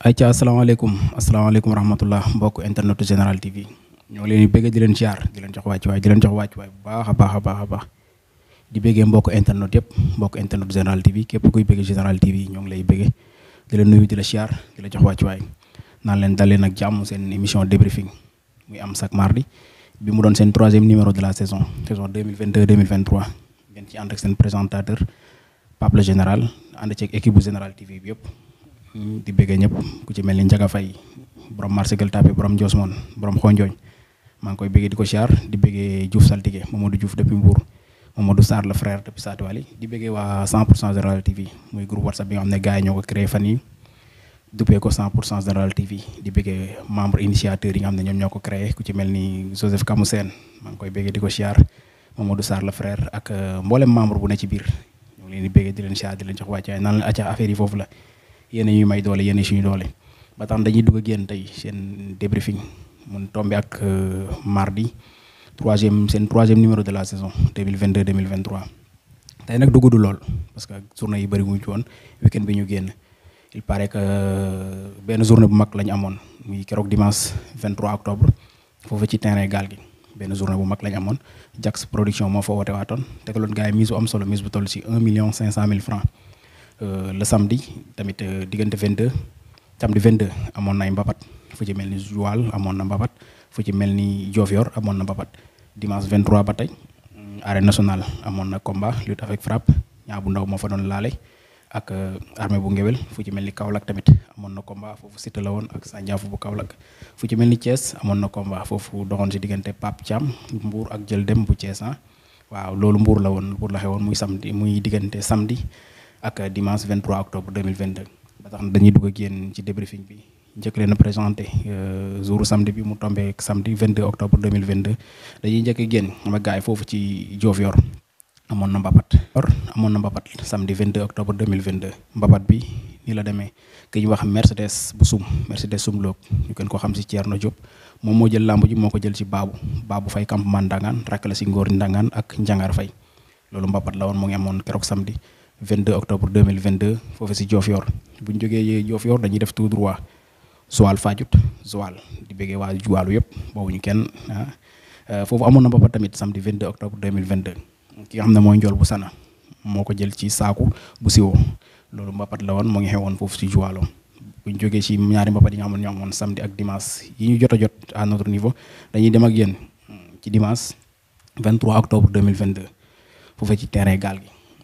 ay ca ayca asalaamaaleykum asalaamaaleykum rahmatullah mbokk internetu Général TV ñoo leen di bëggee di leen ziar di leen jox wàcc waay di leen jox wàcc waay bu baax a baax a baax a di bëggee mbokk internet yëpp mbokk internet Général TV képp kuy bëggee Général TV ñoo ngi lay bëggee di la nuyu di la ziar di la jox wàcc waay naan leen dalee nag jàmm seen émission débriefing muy am chaque mardi bi mu doon seen troisième numéro de la saison saison 2022 2023 ngeen ci ànd ak seen présentateur Pape le Général ànd ceeg équipe bu yëpp. di bëgg ñëpp ku ci melni ni Fay borom marché Gueule Tapée borom Ndiosmone borom xonjoñ mang koy bëggee diko xiar di bëggee juuf Saltigué momadou juuf depuis Mbour momadou sar le frère depuis sat Wali di bëggee wa 100 pour Général TV muy groupe WhatsApp bi nga xam gaay ñoko yi créé fan yi ko 100 pour Général TV di bëggee membre initiateur yi nga xam ñom ñoko ñoo créé ku ci melni Joseph Kamusen, mang koy bëggee diko xiar momadou sar le frère ak euh, mboolem membre bu ne ci bir ñu leen di bëggee di leen xiar di leen jox wàccaay nan la acca affaire yi fofu la yéen ñu may doole yéen suñu doole ba tax dañuy dugg a tay tey seen débriefing mun tombé ak euh, mardi 3 troisième seen troisième numéro de la saison 2022 2023. tay nak dugg du lool parce que journée yi bari wuñ ci woon weekend bi ñu génn il paraît que ben journée bu mag lañ amone muy kérok dimanche 23 octobre fofu ci terrain gal gi. ben journée bu mag lañ amone Jax production moo fa woote waatoon tegaloon gars yi mise am solo mise bu toll ci 1 500 000 francs euh, le samedi tamit euh, a 22 samedi 22 y na mbapat fu ci melni amon na mbapat fu ci melni y amon na mbapat dimanche 23 batay mm, arène nationale à na combat lutte avec frappe ñaa bu ndaw y fa ak euh, armée bu ngewel fu ci tamit il na combat fofu Siteu la y ak 2 bu Kaolack fu ci melni Thiès y na combat fofu il ci a Pape cham Mbour ak Jël Dem bu Thiès ah. waaw loolu Mbour la y la muy samedi muy samedi ak dimanche 23 octobre 2022 ba tax na dañuy dugg ak ci débriefing bi ñëk leen présenter euh jour samedi bi mu tombé samedi 22 octobre 2022 dañuy ñëk gën ma gaay fofu ci Yor amon na mbapat or amon na mbapat samedi 22 octobre 2022 mbapat bi ni la démé ki ñu wax mercedes bu sum mercedes sum lok ñu gën ko xam ci tierno job mom mo jël lamb ji moko jël ci babu babu fay camp mandangan rakk ci ngor ndangan ak njangar fay lolu mbapat la won mo ngi amoon kérok samedi 22 octobre 2022 foofu si Diofior bu ñu jógee Diofior dañuy def tout droit Joal Fadiouth Joal di bëggee waa Joalu yëpp boobu ñu kenn ah. euh, foofu amoon na ba tamit samedi 22 octobre 2022 ki nga xam ne mooy njool bu sana moo ko jël ci saaku bu si siwoo loolu mbapat la woon moo ngi woon foofu si Joalo bu ñu jógee ci ñaari mbapat yi nga xam ne ñoo amoon samedi ak dimanche yi ñu jot a jot à notre niveau dañuy dem ak yéen ci dimanche 23 octobre 2022 foofu ci terrain gaal gi.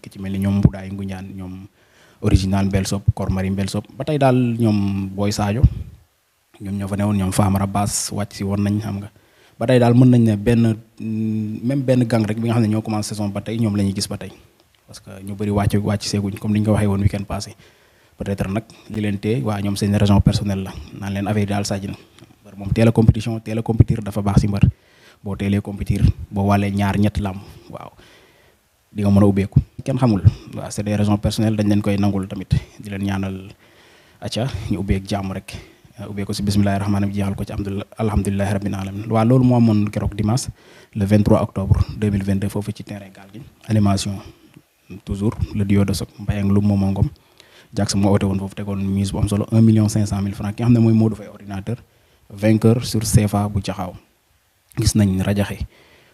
ki ci mel ni ñoom Mboudaay Ngunjaan ñoom original Mbel Sop Kor Mari Mbel Sop ba tey daal ñoom Boy Sadio ñoom ñoo fa woon ñoom Famara Bass wàcc si woon nañ xam nga ba tey daal mën nañ ne benn même benn gang rek bi nga xam ne ñoo commencé saison ba tey ñoom la ñuy gis ba tey parce que ñu bëri wàcc wàcc seeguñ comme ni ñu ko waxee woon weekend passé peut-être nag li leen tee waa ñoom seen raison personnelle la naa leen affaire yi daal sàjj na mbër moom teel a compétition teel a compétir dafa baax si mbër boo teelee compétir waaw di nga mën a ubbeeku kenn xamul waaw c'est des raisons personnelles dañ leen koy nangul tamit di leen ñaanal acca ñu ubbeek jàmm rek ubbeeku si bismillahi rahmaani rahiim jeexal ko ci amdu alhamdulilahi rabbil alamin waaw loolu moo amoon keroog dimanche le 23 octobre 2022 foofu ci terrain gaal gi animation toujours le duo de soc Mbaye ak Loum Momo Ngom Jackson moo woon foofu tegoon mise bu am solo 1 million 500 mille francs ki nga xam ne mooy Modou Faye ordinateur vainqueur sur CFA bu gis nañ rajaxe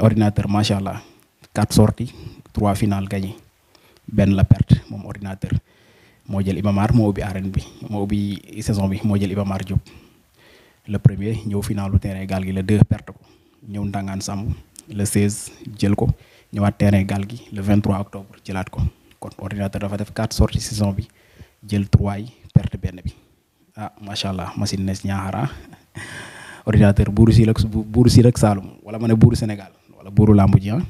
ordinateur macha allah quatre sorties trois finales gagné benn la perte moom ordinateur moo jël Ibamar moo ubbi arène bi moo ubbi saison bi moo jël Ibamar Diop le premier ñëw finalu terrain gaal gi la deux perte ko ñëw Ndangaan Samb le 16 jël ko ñëwaat terrain gaal gi le 23 octobre jëlaat ko kon ordinateur dafa def quatre sorties saison bi jël trois perte benn bi ah macha allah machine ne ñaaxara ordinateur buuru si rek Saalum wala mané buru Senegal, Sénégal wala buru làmb ji ah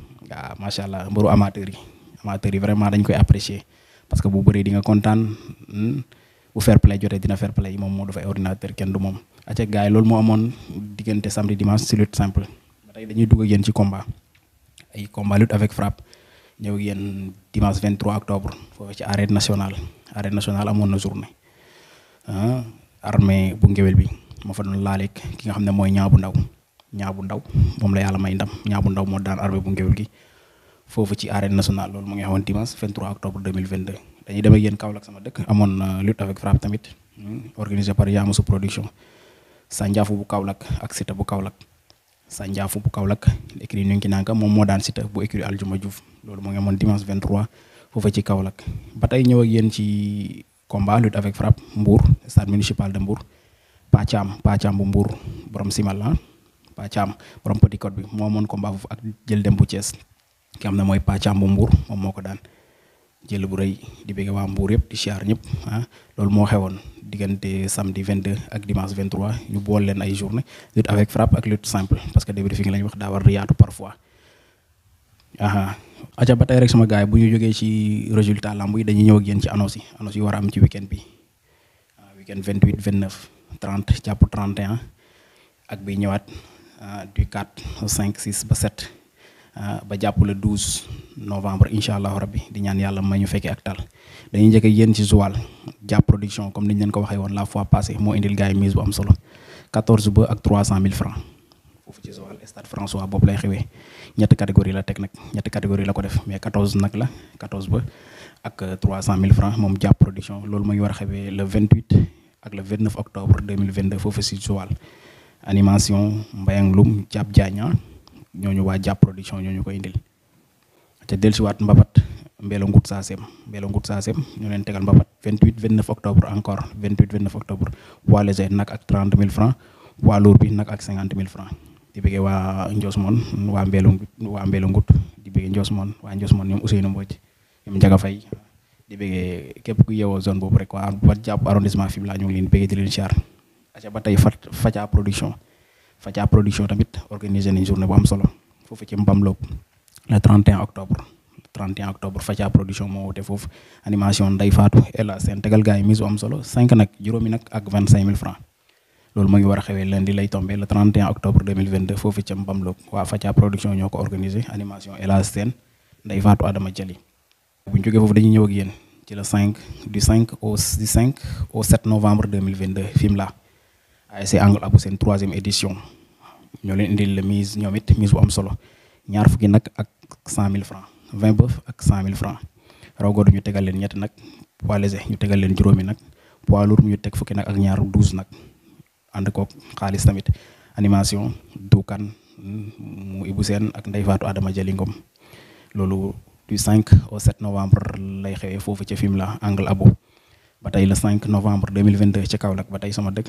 macha allah buru amateur yi amateur yi vraiment dañ koy apprécier parce que bu beuré di nga kontaan hmm. bu fair play jotee dina fair play moom moo fay ordinateur kenn du mom acca gaay lool mo amone digënté samedi dimanche lutte simple batay dañuy dugg ak yeen ci combat ay combat lutte avec frappe ñew ak yeen dimanche 23 octobre foofu ci arène nationale arène nationale amone na journée ah, armée bu ngewel bi moo fa don lalek ki nga xam moy ñaabu ndaw ñaa ndaw mom la yalla may ndam ñaa ndaw mo daan arbe bu ngeewul gi fofu ci arène nationale loolu mo ngi xawon dimanche 23 octobre 2022 dañuy dem ak yéen Kaolack sama dekk amon lutte avec frappe tamit hmm, organisé par Yamusu production ndiafu bu Kaolack ak Sita bu sa ndiafu bu Kaolack écrit ñu ngi nanka mom mo daan Sita bu écrit Aljuma djouf loolu mo ngi amoon dimanche 23 fofu ci Kaolack ba tey ñëw ak yeen ci combat lutte avec frappe Mbour stade municipal de Mbour pacham pacham bu Mbour borom Simal Pathiam borom petit bi mo mon combat fof ak jël dem bu ties ki amna moy Pathiam bu Mbour mom moko daan jël bu reuy di bëgg wa Mbour yépp di xiar ñëpp ha lool mo xewon digënté samedi 22 ak dimanche 23 ñu bol leen ay journée lutte avec frappe ak lutte simple parce que débriefing lañ wax da war riatu parfois aha aja ba tay rek sama gaay bu ñu joggé ci résultat lamb yi dañuy ñëw ak yeen ci annonce annonce yi wara am ci weekend bi ah, weekend 28 29 30 japp 31 ak bi ñëwaat Euh, du 4 au 5 6 ba 7 euh, ba jàpp le 12 novembre incha allahu rabbi di ñaan yàlla ma ñu fekkee ak tal dañuy njëkk yéen ci Joal jàpp production comme niñ leen ko waxee woon la fois passée moo indil gars yi mise bu am solo 14 ba ak 300 000 francs foofu ci Joal stade François boobu lay xewee ñetti catégorie la teg nag ñetti catégorie la ko def mais 14 nag la 14 ba ak 300 euh, 000 francs moom jàpp production loolu ma ngi war a xewee le 28 ak le 29 animation Mbayang Loum Diab Diagna ñooñu waa Diab production ñooñu ko indil te dellusiwaat Mbapat Mbelo Ngut Saasem Mbelo Ngut Saasem ñu leen tegal Mbapat 28 29 octobre encore 28 29 octobre poids léger nag ak 30 000 francs poids lourd bi nag ak 50 000 francs di bëggee waa Ndiosmone waa Mbelo waa Mbelo Ngut di bëggee Ndiosmone waa Ndiosmone ñoom Ousseynou Mbodj ñoom Ndiaga Faye di bëggee képp ku yeewoo zone boobu rek waa ba Diab arrondissement Fimela ñu ngi leen bëggee di char aca ba tey production Fathia production tamit organiser nañ journée bu am solo fofu ci Mbamloog le 31 octobre 31 octobre Fathia production mo woote fofu animation nday Fatou et la seen tegal gay mise bu am solo 5 nak juromi nak ak 25000 francs lolou mo ngi wara xewé xewee lundi lay tombé le 31 octobre 2022 foofu ca Mbamloog wa Fathia production ñoko organiser organisé animation Ella Sène Ndeye Fatou Adama Jali bu ñu jógee foofu dañuy ñëw ak yeen ci le 5 du 5 au du 5 au 7 novembre 2022 fim la ASC Angle Abou seen troisième édition ñoo leen indil la mise ñoom it mise bu am solo ñaar fukki nag ak cent mille francs vingt bœuf ak cent mille francs raw gàddu ñu tegal leen ñett nag poids léger ñu tegal leen juróomi nag poids lourd ñu teg fukki nag ak ñaar douze nag ànd koog xaalis tamit animation duukaan mu ibu seen ak Ndeye Fatou Adama Jalingom loolu du 5 au 7 novembre lay xewee foofu ca Fimela Angle Abou ba tey le 5 novembre 2022 ca Kaolack ba tey sama dëkk.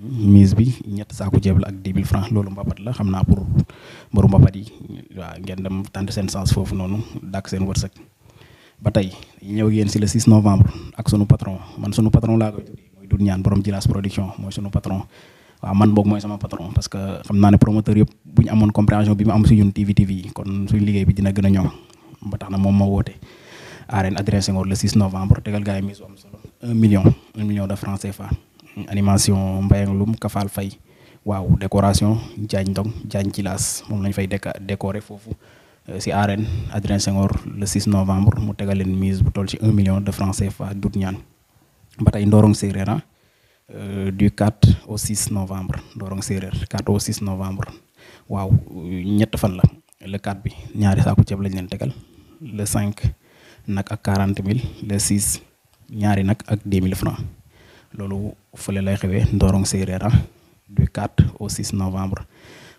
mise bi ñett saaku ceeb ak 10000 francs loolu mbapat la xamna pour mbaru mbapat yi wa ngeen dem tante sen sens fofu nonu dak sen wërsek ba tay ñew yeen ci le 6 novembre ak sunu patron man sunu patron la koy tuddi moy dun ñaan borom jilas production moy sunu patron wa man bok moy sama patron parce que xamna naa ne promoteur yëpp buñ amone compréhension bi mu am si ñun TV TV kon suñu liggéey bi dina gëna a ba tax na moom ma woté arène adressé ngor le 6 novembre tégal gaay mise am solo 1 million 1 million de francs CFA animation Mbayang Loum Kafal fay waaw décoration Diagne Ndong Diagne Djilas moom lañ fay décorer foofu euh, si arène Adrien Senghor le 6 novembre mu tegal leen mise bu toll ci 1 million de francs CFA dut ñaan ba tey Ndorong Séeréer ah, euh, du 4 au 6 novembre Ndorong Séeréer 4 au 6 novembre waaw euh, ñett fan la le 4 bi ñaari saaku ceeb lañ leen tegal le cinq nag ak 40 000 le 6 ñaari nag ak 10 000 francs Lolo fële lay xewé Ndorong Séeréer ah, du 4 au 6 novembre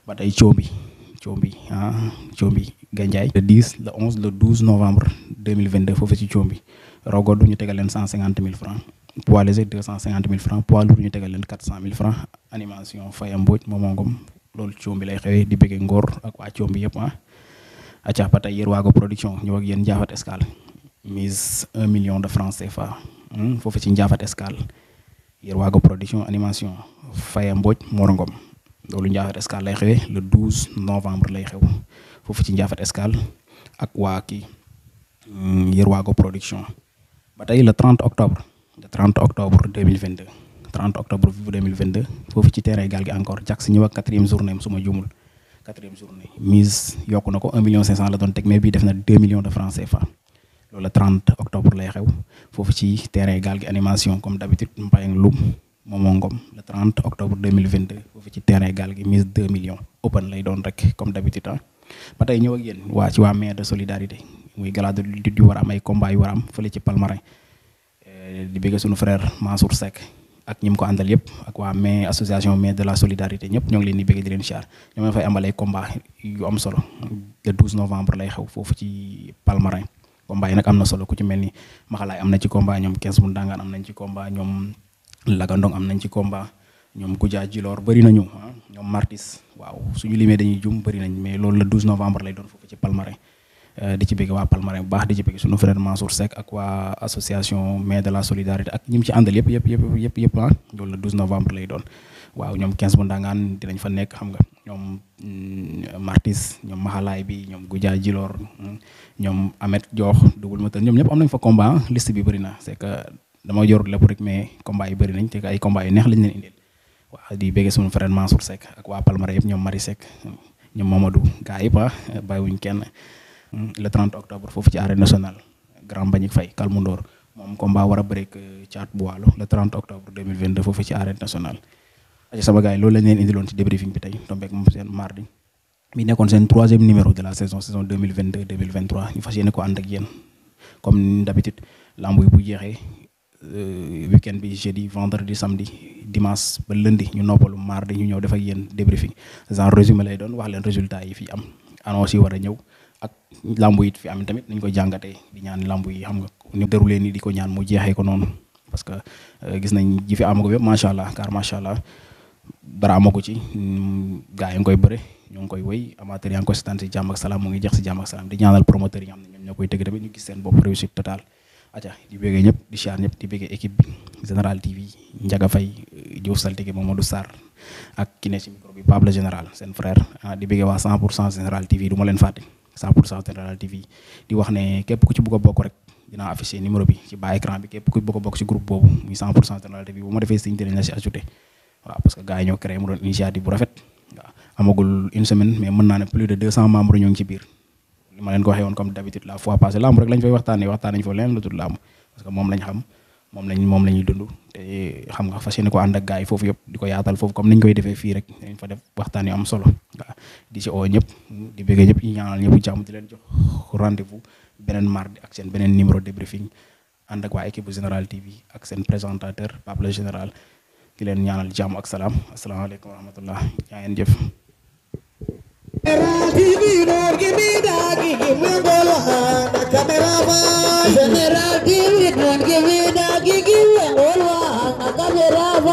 batay chombi chombi, ah, hein, chombi. ganjay le 10 le 11 le 12 novembre 2022 fofu ci Thiomby Rogodu ñu tegal 150 000 francs poids léger 250 000 francs poids lourd ñu tegal 400 000 francs animation fayam Mbodj Momo Ngom loolu Thiomby lay xewé di bëggee Ngor ak wa Thiomby yépp ah acca production ñu ak yéen Ndiaphate Escale mise 1 million de francs CFA hmm, fofu ci Ndiaphate Escale Yerwago Production Animation Faye Mbodj Mor Ngom loolu Ndiaffate lay le 12 novembre lay xew foofu ci Ndiaffate Escale ak waa hmm, Yerwago Production bataille le 30 octobre le 30 octobre 2022 30 octobre 2022 foofu ci terrain gaal encore Jax ñëw ak quatrième journée am su ma juumul quatrième journée mise yokku na 1 500 la doon teg mais bii def na 2 millions de francs CFA. loolu la octobre lay xew foofu ci terrain gaal gi animation comme d'habitude Mbaye ak Loum Momo Ngom le 30 octobre 2022 foofu ci terrain gaal gi mise 2 millions open lay doon rek comme d'habitude ah ba tey ñëw waa ci wa mais de solidarité muy gala du yu war a ay combat yu war a am fële ci Palmarin eh, di bëgg suñu frère Mansour Seck ak ñi ko àndal yëpp ak waa mais association mais de la solidarité ñëpp ñoo ngi leen di bëgg di leen siyaar ñoo ngi amalee combat yu am solo le novembre lay xew foofu ci Palmarin combat yi nag am na solo ku ci mel ni maxalaay am na ci combat ñoom kees mu dangaan am nañ ci combat ñoom lagandong am nañ ci combat ñoom Koudia ah, ñoom martis waaw suñu limee dañuy jum bëri nañ mais loolu le novembre lay doon foofu ci Palmarin euh, di ci bëgg waa Palmarin bu baax di ci bëgg suñu frère Mansour Seck ak waa association Mains de la Solidarité ak ñi ci àndal yëpp yëpp yëpp yëpp yëpp ah, novembre lay doon waaw ñoom 15 bu ndangaan dinañ fa nekk xam nga ñoom mm, martis ñoom mahalay bi ñoom guja jilor mm, ñoom amet jox dugul ma ñoom ñep am nañ fa combat ah. liste bi bari na c'est que dama jor lepp rek mais combat yi bari nañ te ay combat yu neex lañ leen indil waaw di béggee suñu frère Mansour sek ak wa Palmarin yep ñoom Mari Seck mm, ñoom Mamadou gaay ah, pa bay wuñ kenn le 30 octobre fofu ci arène nationale grand Mbagnick Faye Kalmundoor mom combat wara break chat euh, caat le 30 octobre 2022 fofu ci arène nationale aca sama gars yi loolu lañ leen indiloon ci débriefing bi tey tombeek moom seen mardi mi nekkoon seen troisième numéro de la saison saison 2022 2023 ñu fas yéene ko ànd ak yéen comme d'habitude lamb yi bu jeexee euh, weekend bi jeudi vendredi samedi dimanche ba lundi ñu noppalu mardi ñu ñëw def ak yéen débriefing genre résumé lay doon wax leen résultat yi fi am annonce yi a ñëw ak lamb yi fi am tamit nañ koy jàngatee di ñaan lamb yi xam nga ñu déroulé ni di ko ñaan mu jeexee ko noonu parce que euh, gis nañ ji fi amago yëpp macha allah car macha allah dara amagu ci gars yi ngi koy bëre ñoo koy wéy a yaa ngi koy seetaan si jàmm salaam mu ngi jeex si jàmm ak salaam di ñaanal promoteur yi nga xam ne ñoom ñoo koy tëgg tamit ñu gis seen bopp réussite totale aca di béggee ñëpp di siyaar ñëpp di béggee équipe bi Général TV Ndiaga Faye ne ah, cent ma leen fàtte 100 pour cent Général TV di wax ne képp ku ci bëgg bokk rek dinaa affiché numéro bi ci bas écran bi képp ku bëgg a bokk ci groupe boobu muy 100 pour cent Général TV bu ma waaw parce que gars yi ñoo créé mu doon initiative bu rafet waaw amagul une semaine mais mën naa ne plus de 200 membres ñoo ngi ci biir li ma leen ko waxee woon comme d'habitude la fois passée lamb rek lañ fay waxtaanee waxtaan nañ fa leneen lu tudd lamb parce que moom lañ xam moom lañ moom lañuy ñuy dund te xam nga fas yéene ko ànd ak gars yi foofu yëpp di ko yaatal foofu comme niñ koy defee fii rek dañ fa def waxtaan yu am solo waaw di si oo ñëpp di bëggee ñëpp ñu ñaanal ñëpp jàmm di leen jox rendez-vous beneen mardi ak seen beneen numéro débriefing ànd ak waa équipe bu Général TV ak seen présentateur Pape Général di leen ñaanal jàmm ak salaam asalaamaaleykum wa rahmatullah